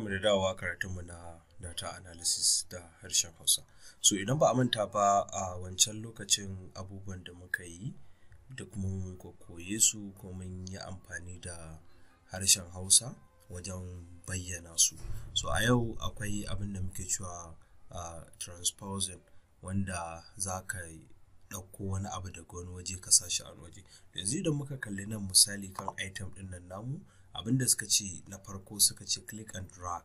mu da dawowa karatunmu na data analysis da harshen hausa so idan ba a manta ba a wancan lokacin abubuwan da muka yi da kuma mun koye su ko mun yi amfani da harshen hausa wajen bayyana su so a yau akwai abin da muke cewa a transposing wanda za ka ɗauko wani abu daga wani waje ka sashi a waje yanzu idan muka kalli nan misali kan item ɗin nan namu abinda suka ce na farko suka ce click and drag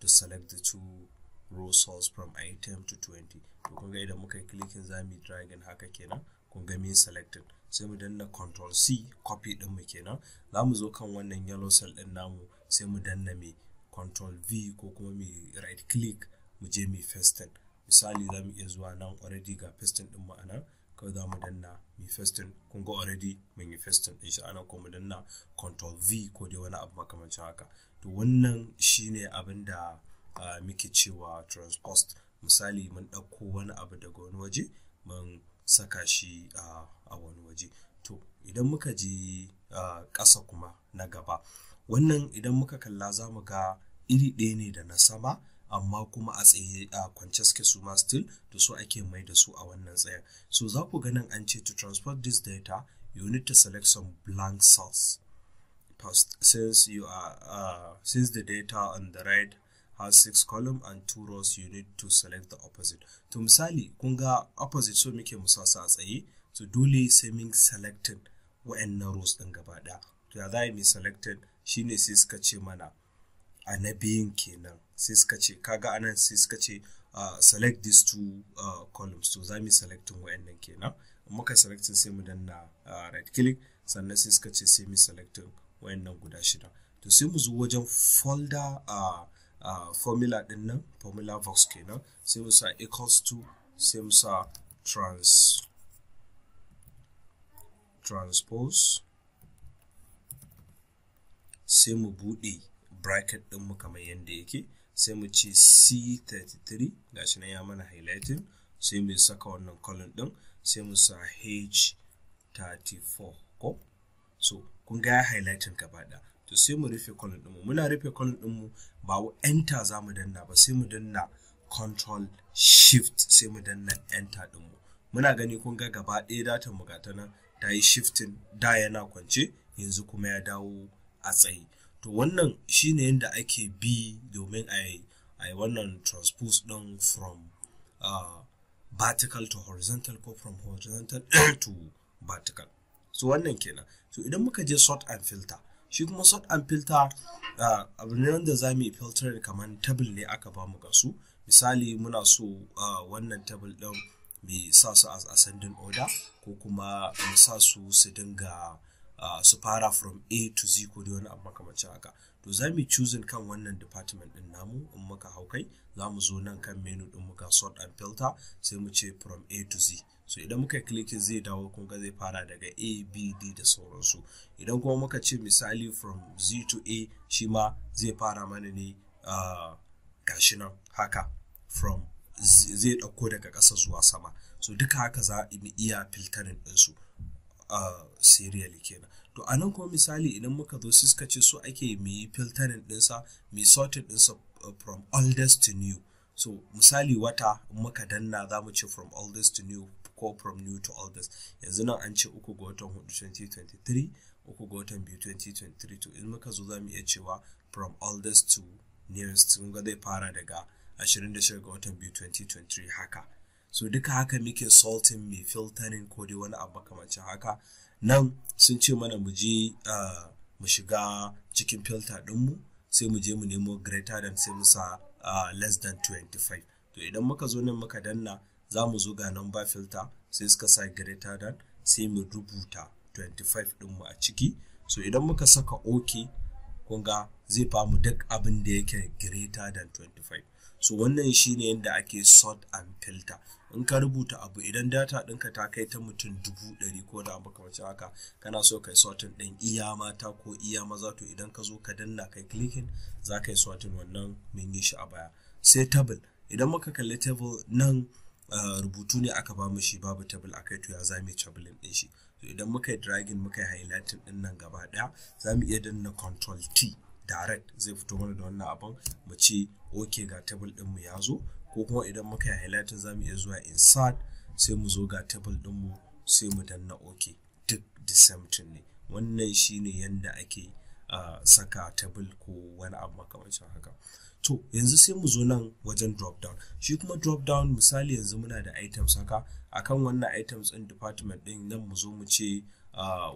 to select the two row cells from item to 20 to kunga idan muka yi clicking za mu dragon haka kenan kunga ga min selected sai mu danna control c copy din mu kenan za mu zo kan wannan yellow cell din namu sai mu danna mai control v ko kuma mai right click mu je mai festin misali za mu iya zuwa nan already ga festin din mu anan kawai za mu danna mu festin kun ga already mun yi festin ko mu danna control v ko dai wani abu makamancin haka to wannan shine abin da muke cewa transpost misali mun ɗauko wani abu daga wani waje mun saka shi a wani waje to idan muka je ƙasa kuma na gaba wannan idan muka kalla za mu ga iri ɗaya ne da na sama amma kuma a tsaye a kwance suke su ma still da so ake mai da su a wannan tsayar so za ku ganin an ce to transport this data you need to select some blank cells first since you are uh, since the data on the right has six column and two rows you need to select the opposite to misali kun ga opposite so muke sa a tsaye so dole sai mun selected wa'annan rows din gaba daya to ya za mu selected shine sai suka ce mana a na biyun kenan sai suka ce kaga anan sai suka ce ah, select these two uh, columns to za mu selectin wa'annan kenan muka selectin sai mu danna uh, right click sannan sai suka ce sai mu selectin wa'annan guda shida to sai mu zo wajen folder uh, uh, formula din nan formula box kenan sai mu sa equals to sai mu sa trans transpose sai mu buɗe bracket ɗinmu kamar yadda yake sai mu ce c33 gashi nan ya mana highlighting sai mu saka wannan column ɗin sai mu sa h34 ko so kun ga ya highlighting gaba ɗaya to sai mu rufe column mu muna rufe column mu ba enter za mu danna ba sai mu danna control shift sai mu danna enter ɗinmu muna gani kun ga gaba ɗaya datan mu ga ta nan ta shifting da yana kwance yanzu kuma ya dawo a tsaye to wannan shine yadda ake bi domin a yi wannan transpose ɗin from uh, vertical to horizontal ko from horizontal to vertical so wannan kenan so idan muka je sort and filter shi kuma sort and filter ah, abu ne wanda za mu yi filtering kamar table ne aka ba mu gasu misali muna so ah, wannan table ɗin mu sa su as ascending order ko kuma mu sa su su dinga Uh, su fara from a to z ko dai wani abu makamancin haka to za mu choosing kan wannan department din namu in muka hau kai za mu zo nan kan menu din muka sort and filter sai mu ce from a to z so idan muka clicking zai dawo kun ga zai fara daga a b d da sauransu idan kuma muka ce misali from z to a shi ma zai fara mana ne uh, gashi nan haka from zai ɗauko daga ƙasa zuwa sama so duka haka za mu iya filtering su. serially kenan to a nan kuma misali idan muka zo sai suka ce so ake mu yi filtering ɗinsa mu yi sorting ɗinsa uh, from oldest to new so misali wata muka danna za mu ce from oldest to new ko from new to oldest yanzu nan an ce uku ga watan 2023 uku ga watan 2023 to in muka zo za mu iya cewa from oldest to nearest sun ga zai fara daga 26 ga watan 2023 haka so duka haka muke salting mai filtering ko dai wani abu makamancin haka nan sun ce mana mu je ah, mu shiga cikin filter ɗinmu sai mu je mu nemo greater than sai mu sa ah, less than 25 to idan muka zo nan muka danna za mu zo ga number filter sai suka sa greater than sai mu rubuta 25 ɗinmu a ciki so idan muka saka ok kunga zai famu duk abin da yake greater than 25 so wannan shine yadda ake sort and filter in ka rubuta abu idan data ɗinka ta kai ta mutum dubu ɗari ko da abu kamar haka kana so kai sortin ɗin iya mata ko iya maza to idan ka zo ka danna kai clicking za ka yi sortin wannan mun yi shi a baya sai table idan muka kalli table nan rubutu ne aka ba shi babu table akai to ya za mu tabulin ɗin shi to idan muka yi dragging muka yi highlighting ɗin nan gaba ɗaya za mu iya danna control t direct zai fito mana da wannan abin mu ce ok ga table ɗinmu ya zo ko kuma idan muka yi highlighting za mu iya zuwa insert sai mu zo ga table ɗinmu sai mu danna ok duk the same thing ne wannan shine yanda ake saka table ko wani abu makamancin haka to yanzu sai mu zo nan wajen drop down shi kuma drop down misali yanzu muna da items haka akan wannan items ɗin department ɗin nan mu zo mu ce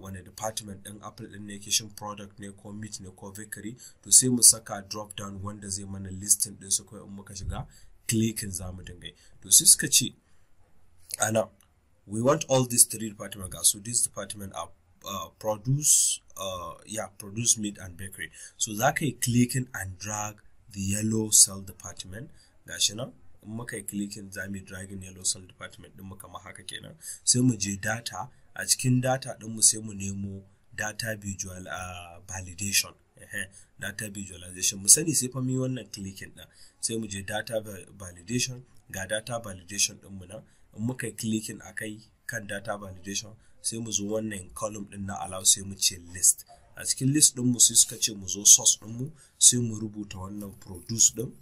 wani department din apple ɗin ne ke shin product ne ko meat ne ko bakery to sai mu saka drop down wanda zai mana listing din su kawai in muka shiga clicking za mu dinga to sai suka ce ana we want all these three department ga so this department are uh, produce uh, yeah produce meat and bakery so za ka yi clicking and drag the yellow cell department gashi nan in muka yi klikin za mu yi dragging yellow cell department din mu kama haka kenan sai mu je data a cikin data din mu sai mu nemo data visual uh, validation data visualization mu sani sai fa mu yi wannan klikin din sai mu je data validation ga data validation din mu nan in muka yi clicking akai kan data validation sai mu zo wannan column din na allow sai mu ce list a cikin list din mu sai suka ce mu zo source din mu sai mu rubuta wannan produce din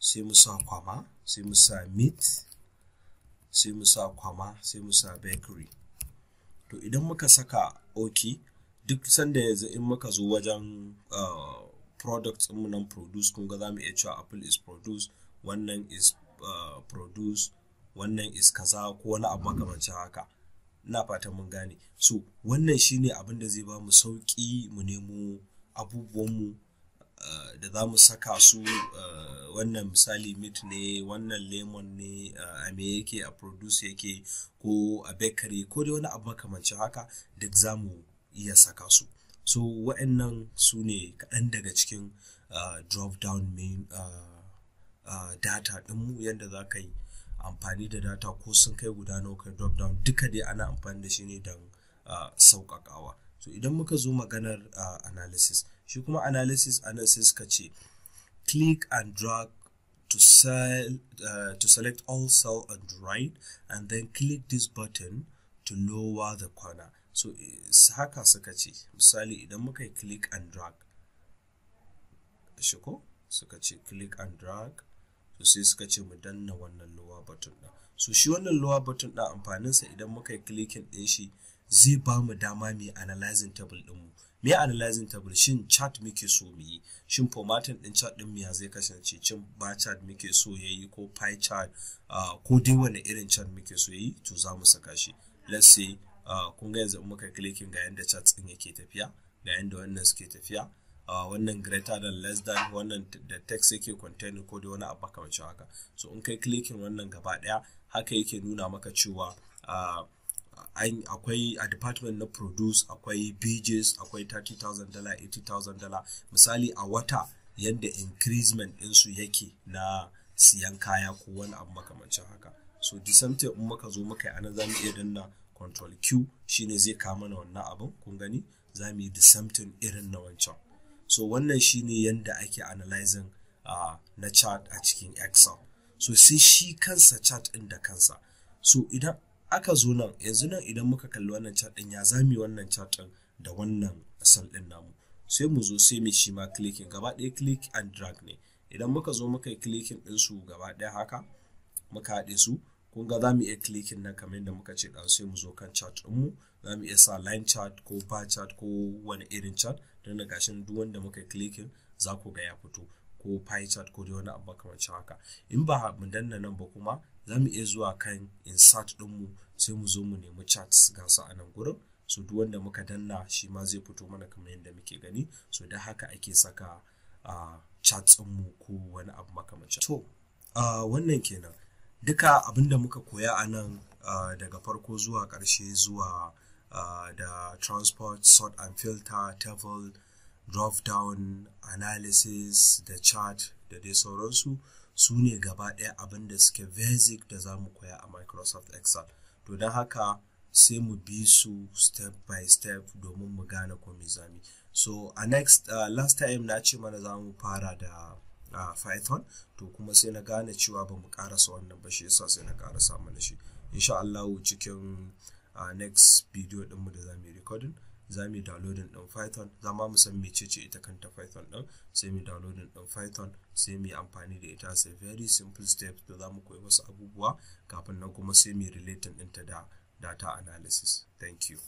sai mu sa kwama sai mu sa meat sai mu sa kwama sai mu sa bakery to idan muka saka oki duk sanda yanzu in muka zo wajen uh, product products mu nan produce kun ga za mu iya cewa apple is produce wannan is uh, produce wannan is kaza ko wani abu makamancin haka ina fatan mun gane so wannan shine abin da zai ba mu sauki mu nemo mu. Eh, da za mu saka su eh, wannan misali mit ne wannan lemon ne eh, a me yake a produce yake ko a bakery ko dai wani abu makamancin haka duk za mu iya saka su so wa'annan su ne kaɗan daga cikin drop down main data ɗinmu yadda za ka yi amfani da data ko sun kai guda nawa kai drop down duka dai ana amfani da shi ne don sauƙaƙawa so idan muka zo maganar analysis shi kuma analysis analysis ka ce click and drag to sell uh, to select all cell and right and then click this button to lower the corner so eh, haka suka ce misali idan muka yi click and drag shiko suka ce click and drag to sai suka ce mu danna wannan lower button din so shi wannan lower button din amfaninsa idan muka yi clicking din shi zai ba mu dama mu analyzing table ɗinmu me analyzing table shin chart muke so mu yi shin formatin ɗin chart ɗin ya zai kasance cin ba chart muke so ya yi ko pie chart ah, ko dai wani irin chart muke so ya yi to za mu saka shi let's say ah, kun ga yanzu muka clicking ga yanda chart ɗin yake tafiya ga yanda wannan suke tafiya ah, wannan greater than less than wannan da text yake containing ko da wani abu kamar haka so in kai clicking wannan gaba daya haka yake nuna maka cewa akwai a department na produce akwai bejis akwai 30,000 dala 80,000 dala misali a wata yadda increasement ɗinsu yake na siyan kaya ko wani abu makamancin haka so disamte in muka zo muka yi ana za mu iya danna control q shine zai kama na wannan abin kun gani za mu yi disamtin irin na wancan so wannan shine yadda ake analyzing uh, na chart a cikin excel so sai shi kansa chart ɗin da kansa so idan aka zo nan yanzu nan idan muka kalli wannan chat din ya zami wannan chat din da wannan asal din namu sai mu zo sai mu shi ma clicking gaba ɗaya click and drag ne idan muka zo muka yi clicking din su gaba ɗaya haka muka haɗe su kun ga za mu iya clicking nan kamar yadda muka ce ɗan sai mu zo kan chart mu za mu iya sa line chat ko bar chat ko wani irin chart don da gashin duk wanda muka clicking za ku ga ya fito ko pie ko dai wani abu makamancin haka in ba mu danna nan ba kuma za mu iya zuwa kan insert ɗinmu sai mu zo mu nemi charts ga su a nan gurin so duk wanda muka danna shi ma zai fito mana kamar yadda muke gani so da haka ake saka uh, charts ɗinmu ko wani abu makamancin to wannan kenan duka abin da muka koya a nan daga farko zuwa ƙarshe zuwa uh, da transport sort and filter table drop down analysis da chart da dai sauransu su ne gaba ɗaya abin da suke basic da za mu koya a microsoft excel to don haka sai mu bi su step by step domin mu gane komi zami so a next uh, last time na ce mana za mu fara da uh, python to kuma sai na gane cewa ba mu karasa wannan ba shi yasa sai na karasa mana shi insha cikin uh, next video ɗinmu da za mu yi recording za mu downloading ɗin python za mu san mecece ita kanta python ɗin sai mu downloading ɗin python sai mu yi amfani da ita sai very simple steps da za mu koyi wasu abubuwa kafin nan kuma sai mu yi relating ɗinta da data analysis thank you